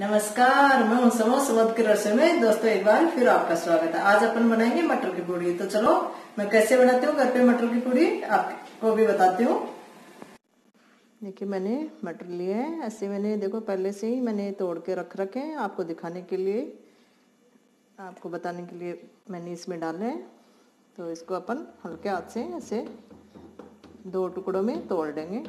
नमस्कार मैं हूं समो की रसोई में दोस्तों एक बार फिर आपका स्वागत है आज अपन बनाएंगे मटर की पूड़ी तो चलो मैं कैसे बनाती हूँ घर पे मटर की पूड़ी आपको भी बताती हूँ देखिए मैंने मटर लिए हैं ऐसे मैंने देखो पहले से ही मैंने तोड़ के रख रखे हैं आपको दिखाने के लिए आपको बताने के लिए मैंने इसमें डाले हैं तो इसको अपन हल्के हाथ से ऐसे दो टुकड़ों में तोड़ देंगे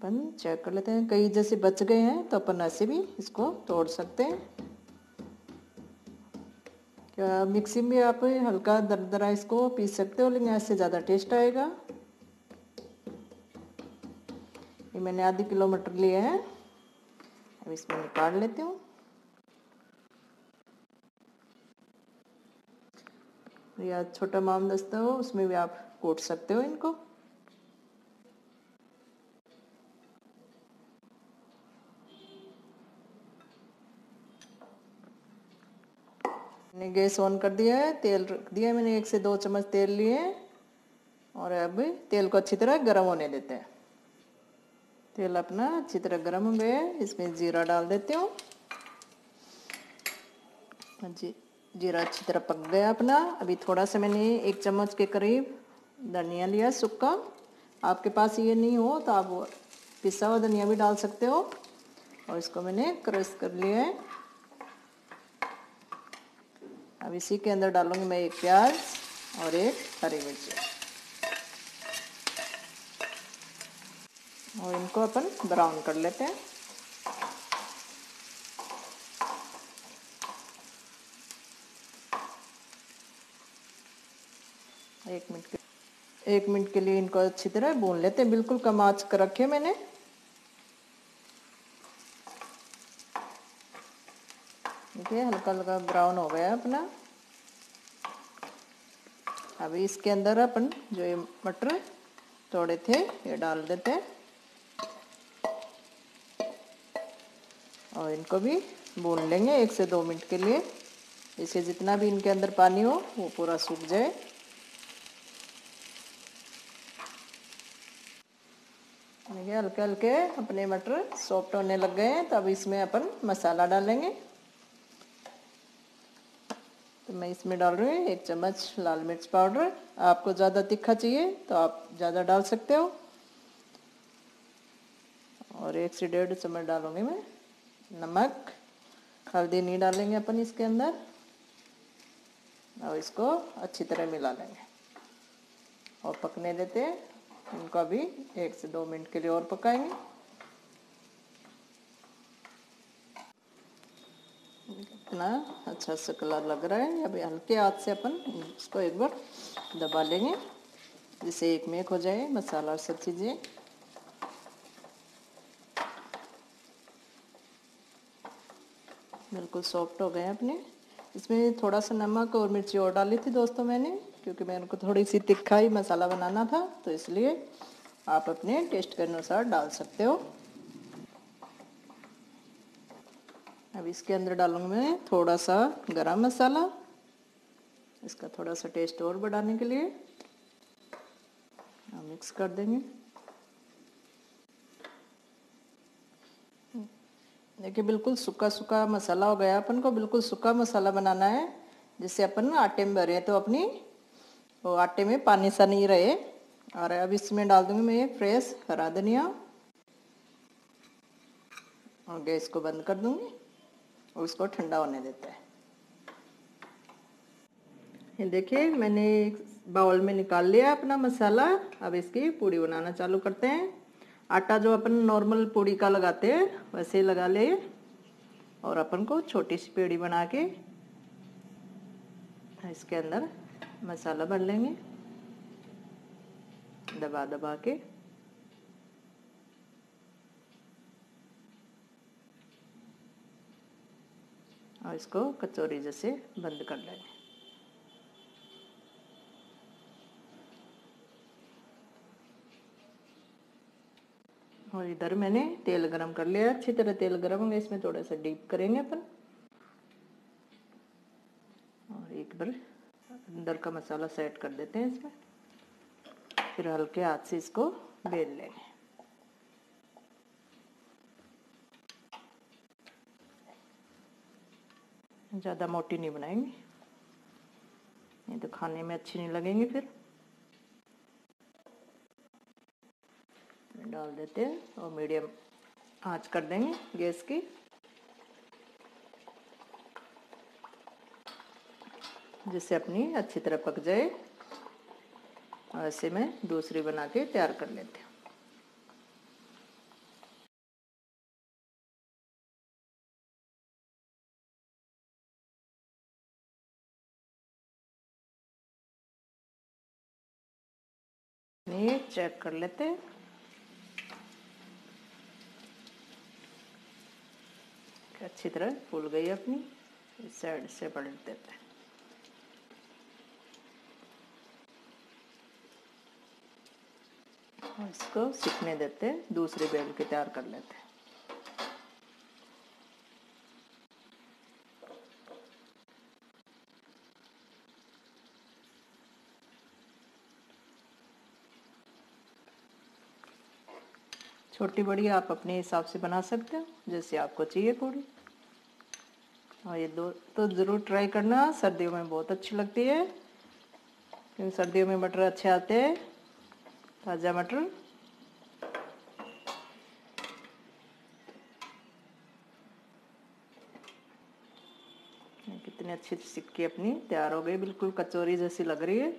अपन चेक कर लेते हैं कई जैसे बच गए हैं तो अपन ऐसे भी इसको तोड़ सकते हैं मिक्सी में आप हल्का दरदरा इसको पीस सकते हो लेकिन ऐसे ज़्यादा टेस्ट आएगा ये मैंने आधे किलो मटर लिए हैं अब इसमें निकाल लेती हूँ या छोटा मामदस्ता हो उसमें भी आप कोट सकते हो इनको मैंने गैस ऑन कर दिया है तेल रख दिया मैंने एक से दो चम्मच तेल लिए और अब तेल को अच्छी तरह गर्म होने देते हैं तेल अपना अच्छी तरह गर्म हो गया इसमें जीरा डाल देती हूँ हाँ जी जीरा अच्छी तरह पक गया अपना अभी थोड़ा सा मैंने एक चम्मच के करीब धनिया लिया सूखा आपके पास ये नहीं हो तो आप पिसा हुआ धनिया भी डाल सकते हो और इसको मैंने क्रश कर लिया है अब इसी के अंदर डालूंगी मैं एक प्याज और एक हरी मिर्च और इनको अपन ब्राउन कर लेते हैं एक मिनट के एक मिनट के लिए इनको अच्छी तरह भून लेते हैं बिल्कुल कम आँच कर रखे मैंने ये हल्का हल्का ब्राउन हो गया अपना अभी इसके अंदर अपन जो ये मटर तोड़े थे ये डाल देते हैं और इनको भी भून लेंगे एक से दो मिनट के लिए इसे जितना भी इनके अंदर पानी हो वो पूरा सूख जाए देखिए हल्के हल्के अपने मटर सॉफ्ट होने लग गए हैं तो अब इसमें अपन मसाला डालेंगे मैं इसमें डाल रही हूँ एक चम्मच लाल मिर्च पाउडर आपको ज़्यादा तीखा चाहिए तो आप ज़्यादा डाल सकते हो और एक से डेढ़ चम्मच डालूंगी मैं नमक हल्दी नहीं डालेंगे अपन इसके अंदर और इसको अच्छी तरह मिला लेंगे और पकने देते हैं इनको अभी एक से दो मिनट के लिए और पकाएंगे कितना अच्छा सा कलर लग रहा है अभी हल्के हाथ से अपन इसको एक बार दबा लेंगे जिससे एक मेक हो जाए मसाला और सब चीज़ें बिल्कुल सॉफ्ट हो गए अपने इसमें थोड़ा सा नमक और मिर्ची और डाली थी दोस्तों मैंने क्योंकि मैं उनको थोड़ी सी तिखा ही मसाला बनाना था तो इसलिए आप अपने टेस्ट के अनुसार डाल सकते हो अब इसके अंदर डालूंगा मैं थोड़ा सा गरम मसाला इसका थोड़ा सा टेस्ट और बढ़ाने के लिए हम मिक्स कर देंगे देखिए बिल्कुल सूखा सूखा मसाला हो गया अपन को बिल्कुल सूखा मसाला बनाना है जिससे अपन आटे में भरे तो अपनी वो आटे में पानी सा नहीं रहे और अब इसमें डाल दूंगी मैं फ्रेश हरा धनिया और गैस को बंद कर दूंगी उसको ठंडा होने देते हैं ये देखिए मैंने एक बाउल में निकाल लिया अपना मसाला अब इसकी पूड़ी बनाना चालू करते हैं आटा जो अपन नॉर्मल पूड़ी का लगाते हैं वैसे लगा ले और अपन को छोटी सी पेड़ी बना के इसके अंदर मसाला भर लेंगे दबा दबा के और इसको कचौरी जैसे बंद कर लेंगे और इधर मैंने तेल गरम कर लिया अच्छी तरह तेल गरम होंगे इसमें थोड़ा सा डीप करेंगे अपन और एक बार अंदर का मसाला सेट कर देते हैं इसमें फिर हल्के हाथ से इसको बेल लेंगे ज़्यादा मोटी नहीं बनाएंगे नहीं तो खाने में अच्छी नहीं लगेंगे फिर डाल देते हैं और मीडियम आंच कर देंगे गैस की जिससे अपनी अच्छी तरह पक जाए और ऐसे में दूसरी बना के तैयार कर लेते हैं ये चेक कर लेते हैं अच्छी तरह फूल गई अपनी इस साइड से पलट देते हैं और इसको सीखने देते हैं दूसरे बेल के तैयार कर लेते हैं छोटी बड़ी आप अपने हिसाब से बना सकते हो जैसे आपको चाहिए पूरी और हाँ, ये दो तो ज़रूर ट्राई करना सर्दियों में बहुत अच्छी लगती है क्योंकि सर्दियों में मटर अच्छे आते हैं ताज़ा मटर कितनी अच्छी सिक्की अपनी तैयार हो गई बिल्कुल कचौरी जैसी लग रही है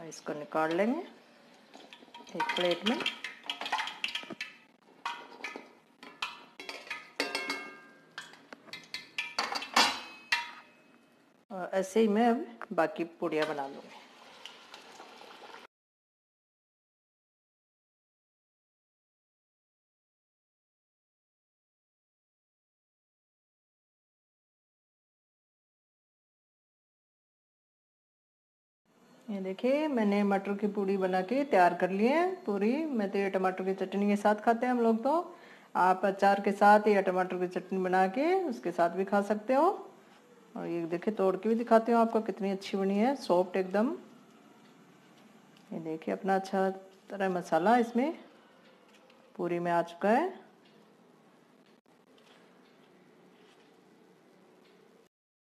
और इसको निकाल लेंगे एक प्लेट में और ऐसे ही मैं अब बाकी पूड़ियाँ बना लूँगी ये देखिए मैंने मटर की पूड़ी बना के तैयार कर ली है पूरी मैं तो ये टमाटर की चटनी के साथ खाते हैं हम लोग तो आप अचार के साथ या टमाटर की चटनी बना के उसके साथ भी खा सकते हो और ये देखिए तोड़ के भी दिखाती हूँ आपको कितनी अच्छी बनी है सॉफ्ट एकदम ये देखिए अपना अच्छा तरह मसाला इसमें पूरी में आ चुका है